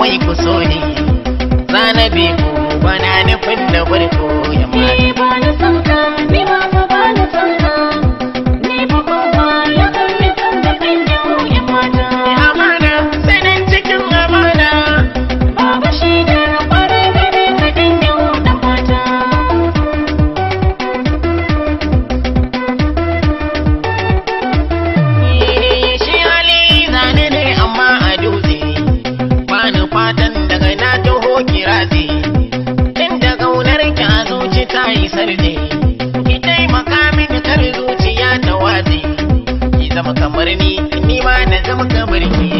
wai kusoni so ne zanabi ku bana nufin da farko mai sarde ki taimaka mini kar zuciya ta waje ki zama kamar ni ni ma na zama kamar ki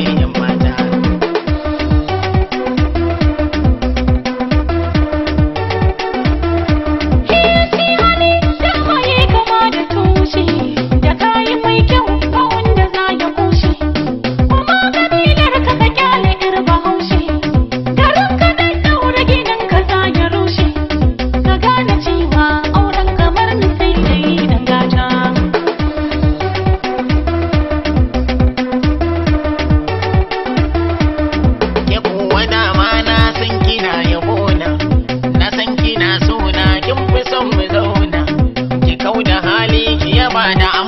sana